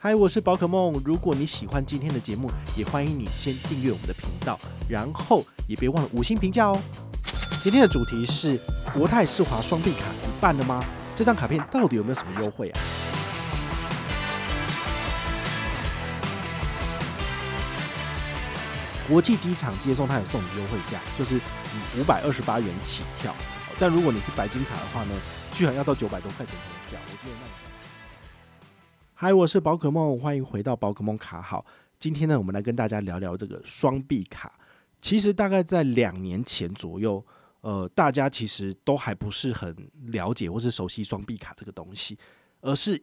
嗨，我是寶可孟。如果你喜歡今天的節目，也歡迎你先訂閱我們的頻道，然後也別忘了五星評價哦。今天的主題是國泰世華雙幣卡，你辦了嗎？這張卡片到底有沒有什麼優惠啊？國際機場接送它有送你優惠價，就是以五百二十八元起跳。但如果你是白金卡的話呢，居然要到九百多塊錢才能叫。我覺得那個。嗨，我是寶可孟，歡迎回到寶可孟卡好。今天呢，我們來跟大家聊聊這個雙幣卡。其實大概在兩年前左右，呃，大家其實都還不是很了解或是熟悉雙幣卡這個東西，而是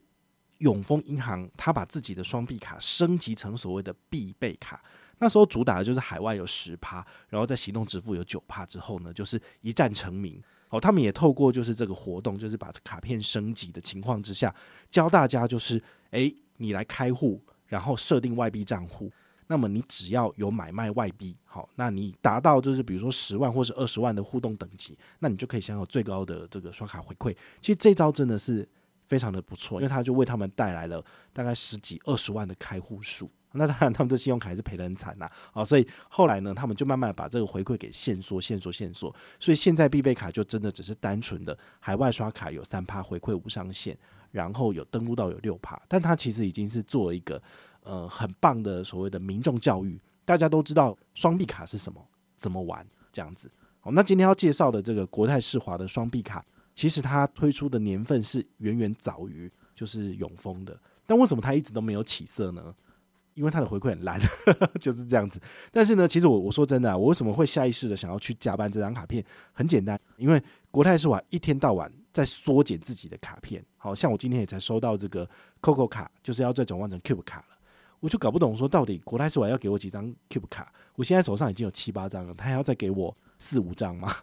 永豐銀行他把自己的雙幣卡升級成所謂的必備卡。那時候主打的就是海外有十趴，然後在行動支付有九趴，之後呢，就是一戰成名。哦，他們也透過就是這個活動，就是把卡片升級的情況之下，教大家就是，誒、欸，你來開戶，然後設定外幣賬戶，那麼你只要有買賣外幣，好，那你達到就是比如說十萬或是二十萬的互動等級，那你就可以享有最高的這個刷卡回饋。其實這招真的是非常的不錯，因為他就為他們帶來了大概十幾二十萬的開戶數。那當然，他們的信用卡還是賠的很慘吶。好，所以後來呢，他們就慢慢把這個回饋給限縮、限縮、限縮。所以現在必備卡就真的只是單純的海外刷卡有三趴回饋無上限，然後有登錄到有六趴。但他其實已經是做一個呃很棒的所謂的民眾教育，大家都知道雙幣卡是什麼，怎麼玩這樣子。好，那今天要介紹的這個國泰世華的雙幣卡，其實它推出的年份是遠遠早於就是永豐的，但為什麼它一直都沒有起色呢？因為他的回饋很爛， 就是這樣子。但是呢，其實我我說真的啊，我為什麼會下意識的想要去加辦這張卡片？很簡單，因為國泰世華一天到晚在縮減自己的卡片。好像我今天也才收到這個 COCO 卡，就是要再轉換成 Cube 卡了。我就搞不懂，說到底國泰世華要給我幾張 Cube 卡？我現在手上已經有七八張了，他還要再給我四五張嗎？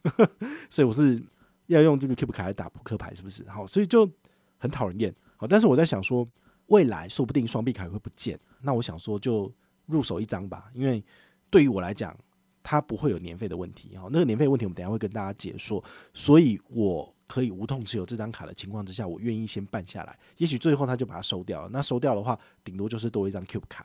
所以我是要用這個 Cube 卡來打撲克牌，是不是？好，所以就很討人厭。好，但是我在想說，未來說不定雙幣卡會不見，那我想說就入手一張吧，因為對於我來講，它不會有年費的問題。好，那個年費問題我們等一下會跟大家解說，所以我可以無痛持有這張卡的情況之下，我願意先辦下來。也許最後他就把它收掉了，那收掉的話，頂多就是多一張 Cube 卡，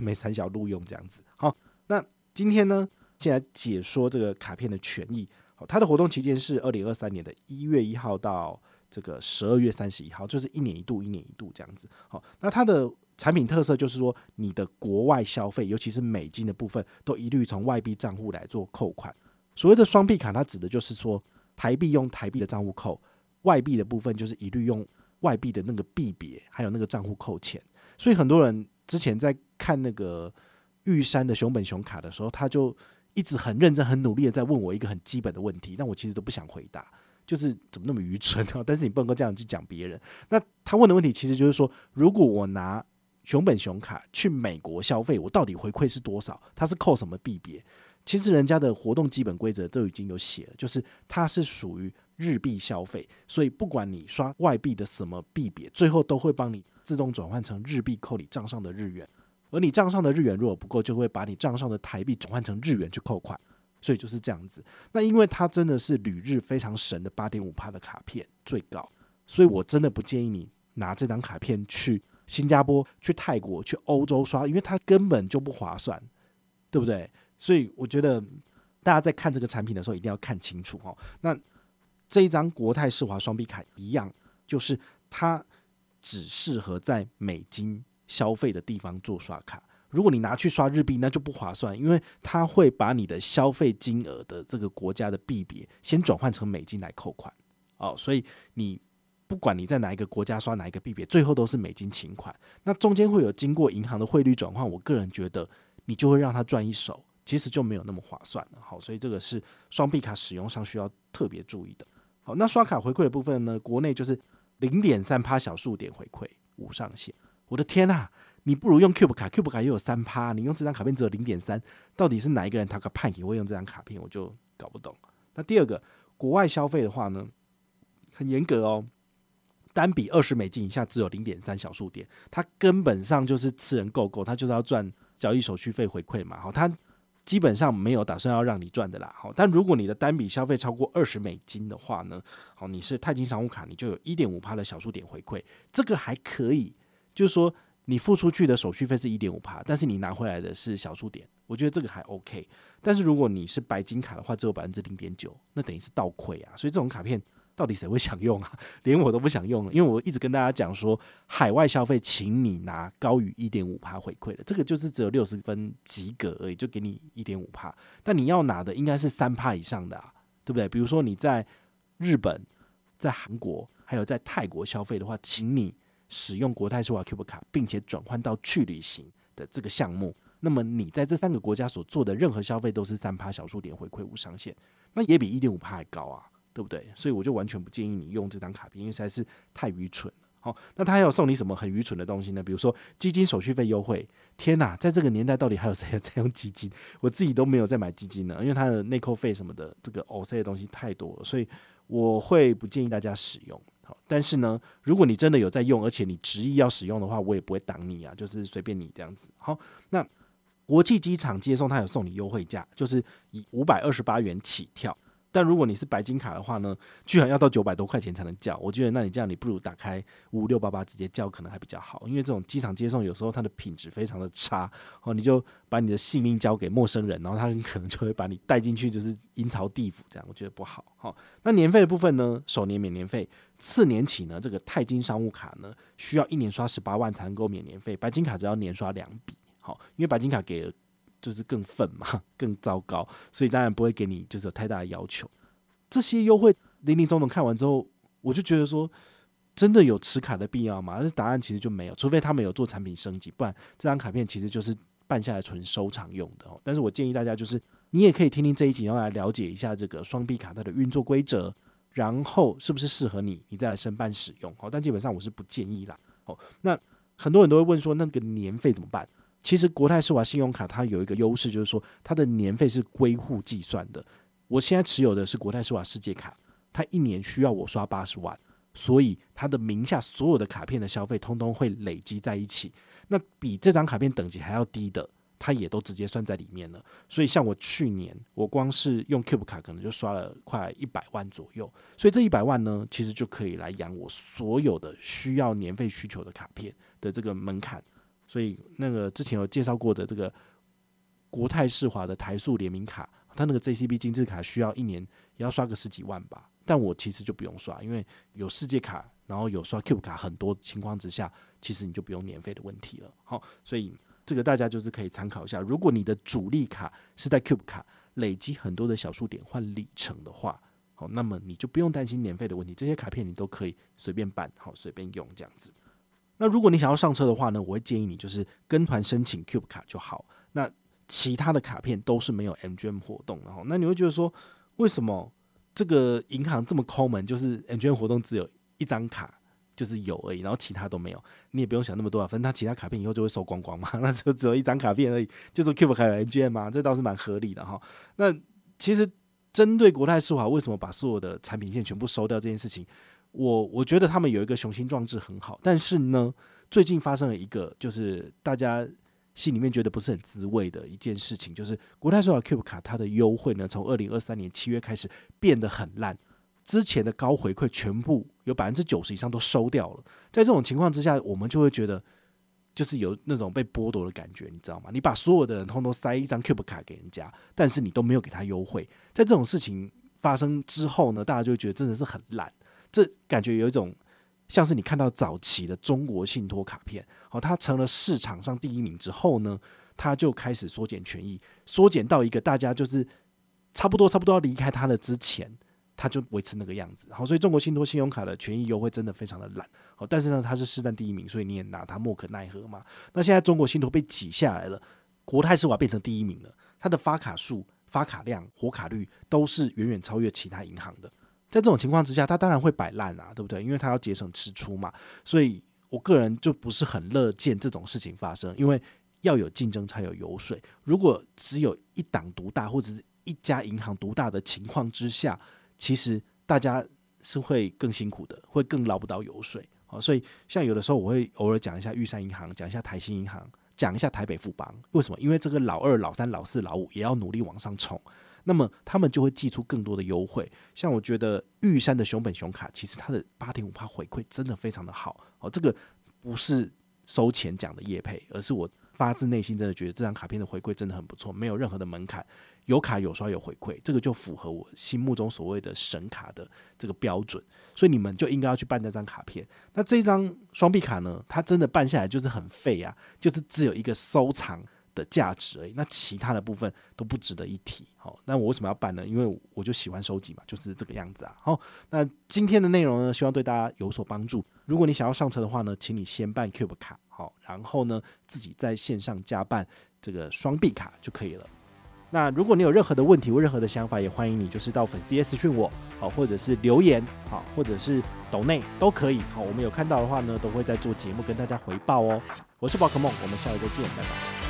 沒三小路用這樣子。好，那今天呢，先來解說這個卡片的權益。好，它的活動期間是二零二三年的一月一號到。這個十二月三十一號，就是一年一度，一年一度這樣子。好，那它的產品特色就是說，你的國外消費，尤其是美金的部分，都一律從外幣賬戶來做扣款。所謂的雙幣卡，它指的就是說，台幣用台幣的賬戶扣，外幣的部分就是一律用外幣的那個幣別還有那個賬戶扣錢。所以很多人之前在看那個玉山的熊本熊卡的時候，他就一直很認真、很努力的在問我一個很基本的問題，但我其實都不想回答。就是怎麼那麼愚蠢啊！但是你不能夠這樣去講別人。那他問的問題其實就是說，如果我拿熊本熊卡去美國消費，我到底回饋是多少？它是扣什麼幣別？其實人家的活動基本規則都已經有寫了，就是它是屬於日幣消費，所以不管你刷外幣的什麼幣別，最後都會幫你自動轉換成日幣扣你賬上的日元。而你賬上的日元如果不夠，就會把你賬上的台幣轉換成日元去扣款。所以就是這樣子，那因為它真的是旅日非常神的八點五趴的卡片最高，所以我真的不建議你拿這張卡片去新加坡、去泰國、去歐洲刷，因為它根本就不划算，對不對？所以我覺得大家在看這個產品的時候一定要看清楚哦。那這一張國泰世華雙幣卡一樣，就是它只適合在美金消費的地方做刷卡。如果你拿去刷日幣，那就不划算，因為它會把你的消費金額的這個國家的幣別先轉換成美金來扣款，哦，所以你不管你在哪一個國家刷哪一個幣別，最後都是美金請款。那中間會有經過銀行的匯率轉換，我個人覺得你就會讓它賺一手，其實就沒有那麼划算了。好，所以這個是雙幣卡使用上需要特別注意的。好，那刷卡回饋的部分呢？國內就是零點三趴小數點回饋，無上限。我的天吶、啊！你不如用 Cube 卡，Cube 卡也有三趴啊，你用這張卡片只有零點三，到底是哪一個人他個叛逆會用這張卡片，我就搞不懂。那第二個，國外消費的話呢，很嚴格哦，單筆二十美金以下只有零點三小數點，它根本上就是吃人夠夠，它就是要賺交易手續費回饋嘛。好，它基本上沒有打算要讓你賺的啦。好，但如果你的單筆消費超過二十美金的話呢，好，你是鈦金商務卡，你就有一點五趴的小數點回饋，這個還可以，就是說。你付出去的手續費是一點五趴，但是你拿回來的是小數點，我覺得這個還 OK。但是如果你是白金卡的話，只有百分之零點九，那等於是倒虧啊。所以這種卡片到底誰會想用啊？連我都不想用，因為我一直跟大家講說，海外消費，請你拿高於一點五趴回饋的，這個就是只有六十分及格而已，就給你一點五趴。但你要拿的應該是三趴以上的啊，對不對？比如說你在日本、在韓國還有在泰國消費的話，請你。使用國泰世華 CUBE 卡，並且轉換到去旅行的這個項目，那麼你在這三個國家所做的任何消費都是三趴小數點回饋無上限，那也比一點五趴還高啊，對不對？所以我就完全不建議你用這張卡片，因為實在是太愚蠢了。好、哦，那他要送你什麼很愚蠢的東西呢？比如說基金手續費優惠，天哪、啊，在這個年代到底還有誰在用基金？我自己都沒有在買基金呢，因為他的內扣費什麼的，這個 O C 的東西太多了，所以我會不建議大家使用。但是呢，如果你真的有在用，而且你執意要使用的話，我也不會擋你啊，就是隨便你這樣子。好，那國際機場接送它有送你優惠價，就是以五百二十八元起跳。但如果你是白金卡的話呢，居然要到九百多塊錢才能叫，我覺得那你這樣你不如打開五六八八直接叫，可能還比較好。因為這種機場接送有時候它的品質非常的差，哦，你就把你的性命交給陌生人，然後他很可能就會把你帶進去就是陰曹地府這樣，我覺得不好。好，那年費的部分呢，首年免年費。次年起呢，這個鈦金商務卡呢，需要一年刷十八萬才能夠免年費，白金卡只要年刷兩筆，好，因為白金卡給了就是更糞嘛，更糟糕，所以當然不會給你就是有太大的要求。這些優惠林林總總看完之後，我就覺得說，真的有持卡的必要嗎？那答案其實就沒有，除非他們有做產品升級，不然這張卡片其實就是辦下來純收藏用的。但是我建議大家，就是你也可以聽聽這一集，然後來了解一下這個雙幣卡它的運作規則。然後是不是適合你，你再來申辦使用好，但基本上我是不建議啦。好，那很多人都會問說，那個年費怎麼辦？其實國泰世華信用卡它有一個優勢，就是說它的年費是歸戶計算的。我現在持有的是國泰世華世界卡，它一年需要我刷八十萬，所以它的名下所有的卡片的消費，通通會累積在一起。那比這張卡片等級還要低的，它也都直接算在裡面了，所以像我去年，我光是用 Cube 卡可能就刷了快一百萬左右，所以這一百萬呢，其實就可以來養我所有的需要年費需求的卡片的這個門檻。所以那個之前有介紹過的這個國泰世華的台塑聯名卡，它那個 JCB 晶緻卡需要一年也要刷個十幾萬吧，但我其實就不用刷，因為有世界卡，然後有刷 Cube 卡，很多情況之下，其實你就不用年費的問題了。好，所以。這個大家就是可以參考一下，如果你的主力卡是在 Cube 卡累積很多的小數點換里程的話，好，那麼你就不用擔心年費的問題。這些卡片你都可以隨便辦，好，隨便用這樣子。那如果你想要上車的話呢，我會建議你就是跟團申請 Cube 卡就好。那其他的卡片都是沒有 MGM 活動的。哈，那你會覺得說，為什麼這個銀行這麼摳門？就是 MGM 活動只有一張卡。就是有而已，然後其他都沒有，你也不用想那麼多啊。反正他其他卡片以後就會收光光嘛，那就只有一張卡片而已，就是 CUBE 卡的 NGM 嘛，這倒是蠻合理的哈。那其實針對國泰世華為什麼把所有的產品線全部收掉這件事情，我我覺得他們有一個雄心壯志很好，但是呢，最近發生了一個就是大家心裡面覺得不是很滋味的一件事情，就是國泰世華 CUBE 卡它的優惠呢，從二零二三年七月開始變得很爛。之前的高回饋全部有百分之九十以上都收掉了，在這種情況之下，我們就會覺得就是有那種被剝奪的感覺，你知道嗎？你把所有的人通通塞一張 CUBE 卡給人家，但是你都沒有給他優惠。在這種事情發生之後呢，大家就會覺得真的是很爛，這感覺有一種像是你看到早期的中國信托卡片，好，它成了市場上第一名之後呢，它就開始縮減權益，縮減到一個大家就是差不多差不多要離開它了之前。他就維持那個樣子，好，所以中國信托信用卡的權益優惠真的非常的爛，好，但是呢，它是市佔第一名，所以你也拿他莫可奈何嘛。那現在中國信托被擠下來了，國泰世華變成第一名了，它的發卡數、發卡量、活卡率都是遠遠超越其他銀行的。在這種情況之下，他當然會擺爛啊，對不對？因為他要節省支出嘛。所以我個人就不是很樂見這種事情發生，因為要有競爭才有油水。如果只有一黨獨大或者是一家銀行獨大的情況之下，其實大家是會更辛苦的，會更撈不到油水哦。所以，像有的時候我會偶爾講一下玉山銀行，講一下台新銀行，講一下台北富邦。為什麼？因為這個老二、老三、老四、老五也要努力往上衝，那麼他們就會祭出更多的優惠。像我覺得玉山的熊本熊卡，其實它的八點五趴回饋真的非常的好哦。這個不是收錢講的業配，而是我。發自內心真的覺得這張卡片的回饋真的很不錯，沒有任何的門檻，有卡有刷有回饋，這個就符合我心目中所謂的神卡的這個標準，所以你們就應該要去辦這張卡片。那這張雙幣卡呢，它真的辦下來就是很廢啊，就是只有一個收藏的價值而已，那其他的部分都不值得一提。好，那我為什麼要辦呢？因為我就喜歡收集嘛，就是這個樣子啊。好，那今天的內容呢，希望對大家有所幫助。如果你想要上車的話呢，請你先辦 Cube 卡，好，然後呢，自己在線上加辦這個雙幣卡就可以了。那如果你有任何的問題或任何的想法，也歡迎你就是到粉絲頁私訊我，好，或者是留言，好，或者是抖內都可以。好，我們有看到的話呢，都會在做節目跟大家回報哦。我是寶可孟，我們下一周見，拜拜。